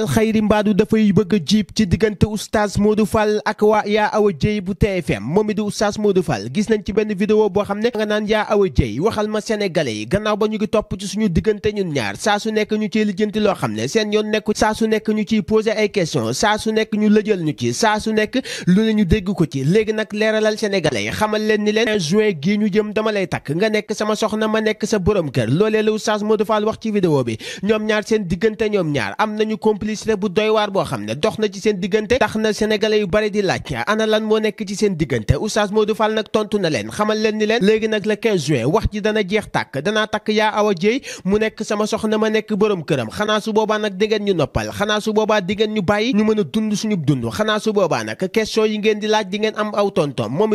alxayri mbaadu dafay bëgg jiib ci diggante oustaz Modou Fall ak waa yaa awa jëy bu TFM moom it di oustaz Modou Fall gis nañ ci benn vidéo boo xam ne nga naan yaa waxal ma sénégalais yi gannaaw ba ñu topp ci suñu diggante ñun ñaar saa su nekk ñu ciy loo xam ne seen yoon nekku saa nekk ñu ciy posé ay question saa su nekk ñu lëjal ñu ci saa su nekk lu ñu dégg ko ci léegi nag leeralal sénégalais yi xamal leen ni leen juin gii ñu jëm dama lay takk nga nekk sama soxna ma nekk sa borom kër loolee la oustaz Modou Fall wax ci vidéo bi ñoom seen diggante ñoom am nañu compli complicité bu doy boo xam ne dox na ci seen diggante tax na sénégalais yu bari di laaj ana lan moo nekk ci seen diggante oustaz Modou Fall nag tontu na leen xamal leen ni leen léegi nag le 15 juin wax ji dana jeex tàkk danaa takk yaa awa jéey mu nekk sama soxna ma nekk borom këram xanaa su boobaa nag diggéen ñu noppal xanaa su boobaa diggéen ñu bàyyi ñu mën a dund suñu dund xanaa su boobaa nag question yi ngeen di laaj di ngeen am aw tontom moom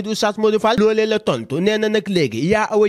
la tontu nee na nag léegi yaa awa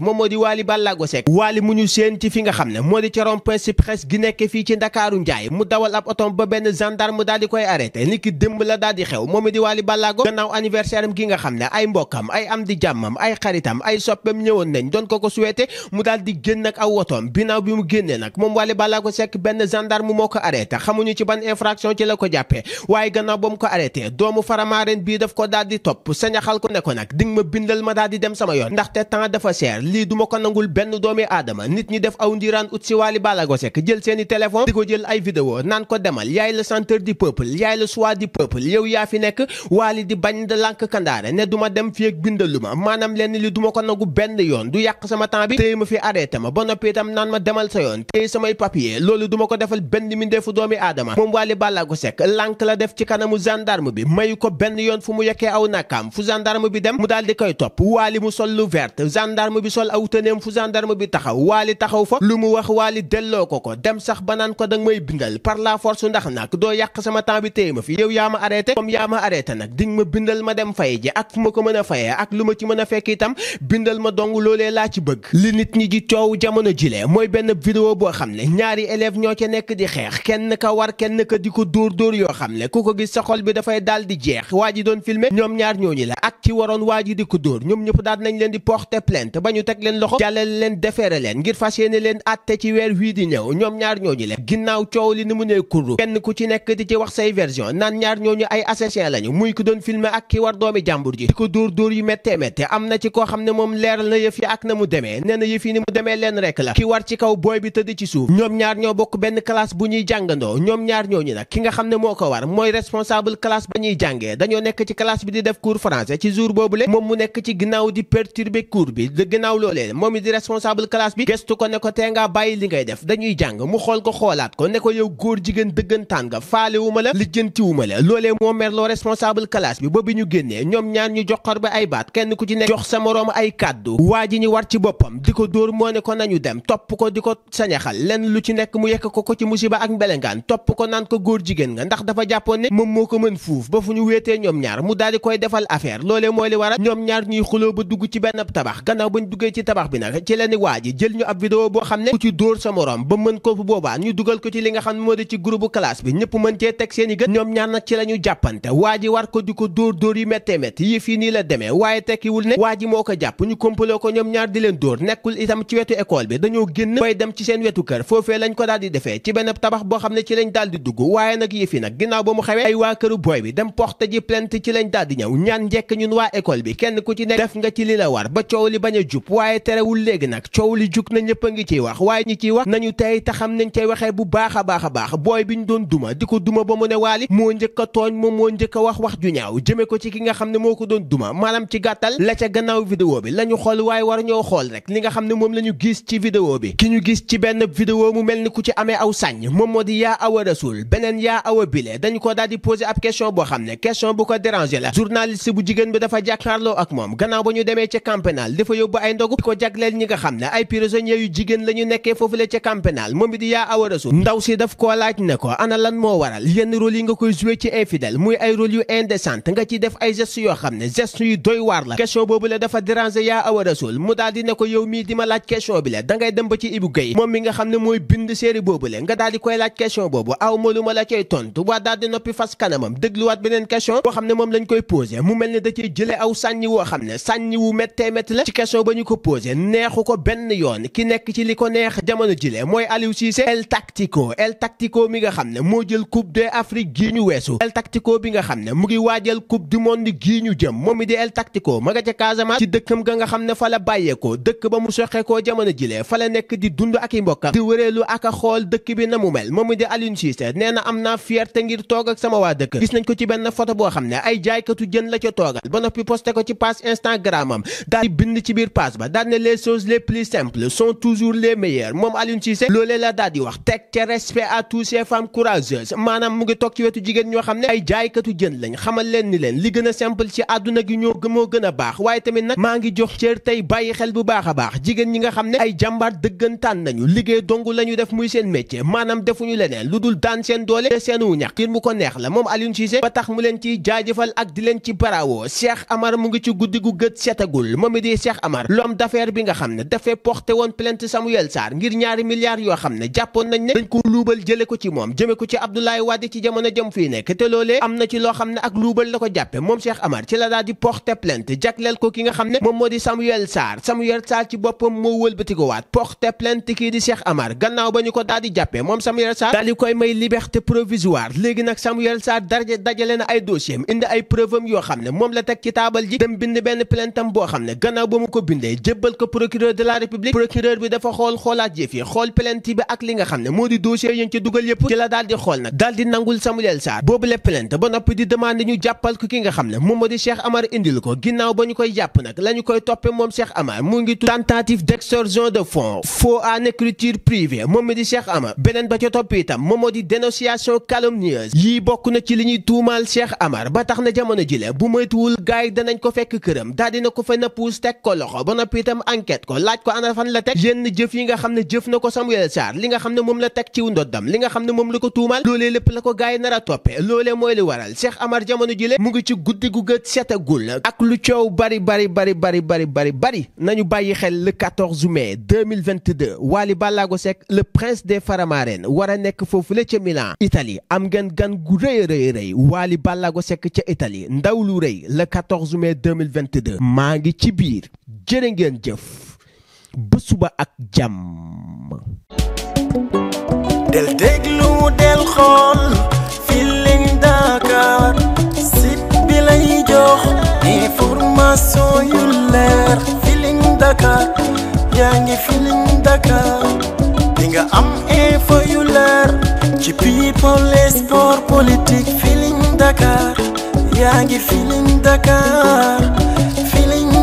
moom moo di waali Ballago Seck Waly mu ñu séen ci fi nga xam ne moo di ca rond-point Sipres gi nekk fii ci Ndakaaru Njaay mu dawal ab otom ba benn gendarme daal di koy arrêté ni ki démb la daal di xew moom it di Waly Ballago gannaaw anniversaire am gi nga xam ne ay mbokkam ay am di jàmmam ay xaritam ay soppem ñëwoon nañ doon ko ko souhaité mu daal di génn ak aw otoom binaaw bi mu génnee nag moom Waly Ballago Seck benn gendarme moo ko arrêté xamuñu ci ban infraction ci la ko jàppee waaye gannaaw ba mu ko arrêté doomu faramaaren bii daf ko daal di topp sañaxal ko ne ko nag dinga ma bindal ma daal di dem sama yoon ndaxte temps dafa seer lii du ma ko nangul benn doomi aadama nit ñi def aw ndiiraan ut si Wally Ballago Seck jël seeni téléphone di ko jël ay vidéo naan ko demal yaay le chanteur du peuple yaay le choix du peuple yow yaa fi nekk Wally di bañ da kandaare ne du ma dem fii ak bindalu ma maanaam lenn li du ma ko nangu benn yoon du yàq sama temps bi téye ma fi arrêté ma ba noppi itam naan ma demal sa yoon téye samay papier loolu du ma ko defal benn mindeefu doomi aadama moom Wally Ballago Seck lànk la def ci kanamu gendarme bi mayu ko benn yoon fu mu yekkee aw nakam fu gendarme bi dem mu daal di koy topp Wally mu sol lu vert sol aw tëneem fu gendarme bi taxaw waali taxaw fa lu mu wax waali delloo ko ko dem sax ba naan ko danga may bindal par la force ndax nag doo yàq sama temps bi téye ma fi yow yaa ma arrêté comme yaa ma arrêté nag di ma bindal ma dem fay ji ak fu ma ko mën a fayee ak lu ma ci mën fekk itam bindal ma dong loolee laa ci bëgg li nit ñi di coow jamono jile mooy benn vidéo boo xam ne ñaari élève ñoo ci nekk di xeex kenn ka war kenn ka di ko dóor dóor yoo xam ne ku ko gis sa bi dafay daal di jeex waa ji doon filmer ñoom ñaar ñooñu la ak ci waroon waa ko dóor ñoom ñëpp daal nañ teg leen loxo jàllale leen defeere leen ngir fas yéene leen àtte ci weer wii di ñëw ñoom ñaar ñooñu leen ginnaaw coow li ni mu nee kurru kenn ku ci nekk di ci wax say version naan ñaar ñooñu ay assassin lañu muy ku doon filmer ak ki war doomi jàmbur ji di ko dóor dóor yu méttee méttee am na ci koo xam ne moom leeral na yëf yi ak na mu demee nee na yëf yi ni demee leen rek la ki war ci kaw booy bi tëdd ci suuf ñoom ñaar ñoo bokk benn classe bu ñuy jàngandoo ñoom ñaar ñooñu nag ki nga xam ne moo ko war mooy responsable classe ba ñuy jàngee dañoo nekk ci classe bi di def cours français ci jour boobu le moom mu nekk ci ginnaaw di perturber kuur bi de loolee moom it di responsable classe bi gestu ko ne ko tee ngaa bàyyi li ngay def dañuy jàng mu xool ko xoolaat ko ne ko yow góor jigéen dëggantaan nga faale wu ma la lijjanti wu ma la loole moo merloo responsable classe bi ba bi ñu génnee ñoom ñaar ñu jox xor ba ay baat kenn ku ci nekk jox sa moroom ay kàddu waa ji ñu war ci boppam di ko dóor moo ne ko nañu dem topp ko di ko sañaxal lenn lu ci nekk mu yekk ko ko ci musiba ak mbelengaan topp ko naan ko góor jigéen nga ndax dafa jàppoon ne moom moo ko mën fuuf ba fu ñu wéetee ñoom ñaar mu daal di koy defal affaire loolee mooy li waral ñoom ñaar ñuy xuloo ba dugg ci benn tabax gannaaw duggee ci tabax bi nag ci leen waa ji jël ñu ab vidéo boo xam ne ku ci dóor sa morom ba mën ko bu boobaa ñu dugal ko ci li nga xam ne moo di ci groupe classe bi ñëpp mën cee teg seen i gët ñoom ñaar nag ci la ñu jàppante waa ji war ko di ko dóor dóor yi méttee métt yëf yi nii la demee waaye tekkiwul ne waa ji moo ko jàpp ñu kompaloo ko ñoom ñaar di leen dóor nekkul itam ci wetu école bi dañoo génn koy dem ci seen wetu kër foofee lañ ko daal di defee ci benn tabax boo xam ne ci lañ daal di dugg waaye nag yëf yi nag ginnaaw ba mu xewee ay waa bi dem porte ji plainte ci lañ daal di ñëw ñaan njekk ñun waa école bi kenn ku ci nekk def nga ci li a waaye terewul léegi nag coow li jug na ñëpp a ngi ciy wax waaye ñi ciy wax nañu tey te xam nañ cay waxee bu baax a baax a baax booy bi ñu doon duma di ko duma ba mu ne waali moo njëkk a tooñ moom moo njëkk wax wax ju ñaaw jëme ko ci ki nga xam ne moo ko doon duma maanaam ci gàttal la ca gannaaw vidéo bi la ñu xool waaye war ñoo xool rek li nga xam ne moom la ñu gis ci vidéo bi ki ñu gis ci benn vidéo mu mel ni ku ci amee aw sàññ moom moo di yaa awa rasul beneen yaa awa bile dañu ko daal di poser boo xam ne question bu ko déranger la journaliste bu jigéen bi dafa jàkkaarloo ak moom gannaaw ba ñu demee ca campenal dafa yóbbu ay ndogu ko jagleel ñi nga xam ne ay prisonniers yu jigéen la nekkee foofu la ca camp moom it yaa awa rasul ndaw si daf koo laaj ne ko ana moo waral yenn rôle yi nga koy joué ci infidèle muy ay rôle yu indécente nga ci def ay gestes yoo xam ne gestes yu doy waar la question boobu la dafa déranger yaa awa rasul mu daal ne ko yow mii di ma laaj question bi la da ngay ci Ibou Guèye moom mi nga xam ne mooy bind série boobu la nga daal koy laaj question ko posé neexu ko benn yoon ki nekk ci li ko neex jamono jile mooy Aliou Cissé El Tactico El Tactico xam ne moo jël coupe de Afrique ñu weesu El Tactico bi nga xam ne mu ngi waajal coupe di monde gii ñu jëm moom mi di El Tactico ma nga ca Casamance ci dëkkam ga nga xam ne fa la bàyyeekoo dëkk ba mu soxeekoo jamono jile fa la nekk di dund ak i mbokkam di wëreelu ak a xool dëkk bi na mu mel moom mi di Aliou Cissé nee na am naa fierté ngir toog ak sama waa dëkk gis nañ ko ci benn photo boo xam ne ay jaaykatu jën la ca toogal ba daan ne les choses les plus simples sont toujours les meilleures moom Aliou Cissé loolee la daal wax teg ca respect à tous femmes courageuses maanaam mu ngi toog ci wetu jigéen ñoo xam ne ay jaaykatu jën lañ xamal leen ni leen li gën a simple ci àdduna gi ñoo moo gën a baax waaye tamit nag maa ngi jox cër tey bàyyi xel bu baax a baax jigéen ñi nga xam ne ay jàmbaar dëggantaan nañu liggéey dong la ñu def muy seen métier maanaam defuñu leneen lu dul daan seen doole seen wu ñax ngir mu ko neex la moom Aliou ba tax mu leen ciy jaajëfal ak di leen ci barawoo Cheikh mu ngi ci guddi gu gët setagul moom it di Cheikh homme bi nga xam ne dafee porté woon plainte Samuel Sarr ngir ñaari milliards yoo xam ne jàppoon nañ ne dañ ko luubal jële ko ci moom jëme ko ci Abdoulaye Wade ci jamono jëm fii nekk te loolee am na ci loo xam ne ak luubal la ko jàppe moom Cheikh Amar ci la daal di porté plainte jagleel ko ki nga xam ne moom moo di Samuel Sarr Samuel Sarr ci boppam moo wëlbati ko waat porté plainte kii di Cheikh Amar gannaaw ba ñu ko daal di jàppee moom Samuel Sarr daal di koy may liberté provisoire léegi nag Samuel Sarr dajale na ay dossier indi ay preuve yoo xam ne moom la teg ci taabal ji dem bind benn plainte am boo xam ne gannaaw ba mu ko bindee jébbal ko procureur de la république procureur bi dafa xool xoolaat jëf xool plainte bi ak li nga xam ne moo di dossier yi ñu dugal yëpp ci la daal xool nag daal nangul Samuel Sarr boobu la plainte ba noppi di demande ñu jàppal ki nga xam ne moom di Cheikh Amar indil ko ginnaaw ba ñu koy jàpp nag la koy toppe moom Cheikh Amar mu ngi tentative d'extorsion de fonds faux en écriture privée moom mi di Cheikh Amar beneen ba ca topp itam moom di dénonciation noppi itam enquête ko laaj ko ana fan la teg yenn jëf yi nga xam ne jëf na ko Samuel nga xam ne moom la teg ciw ndoddam li nga xam ne moom la ko tuumal loolee lépp la ko gaay nar a toppe loolee mooy li waral Cheikh Amar jamono jile mu ngi ci guddi gu gët setagul ak lu coow bari bari bari bari bari bari bari nañu bàyyi xel le 14 mai 2022 Wally Ballago Seck le prince des Faramaren war a nekk foofule ca Milan Italie am ngeen gan gu rëy rëy rëy Wally Ballago Seck ca Italie ndaw lu rëy le 14 mai 2022 maa ngi ci biir jërë suba ak jàmm del déglu del xool Feeling Dakar site bi lay jox information yu leer Feeling Dakar yaa ngi Feeling Dakar di am info yu leer ci people sport politique Feeling Dakar yaa ngi Feeling Dakar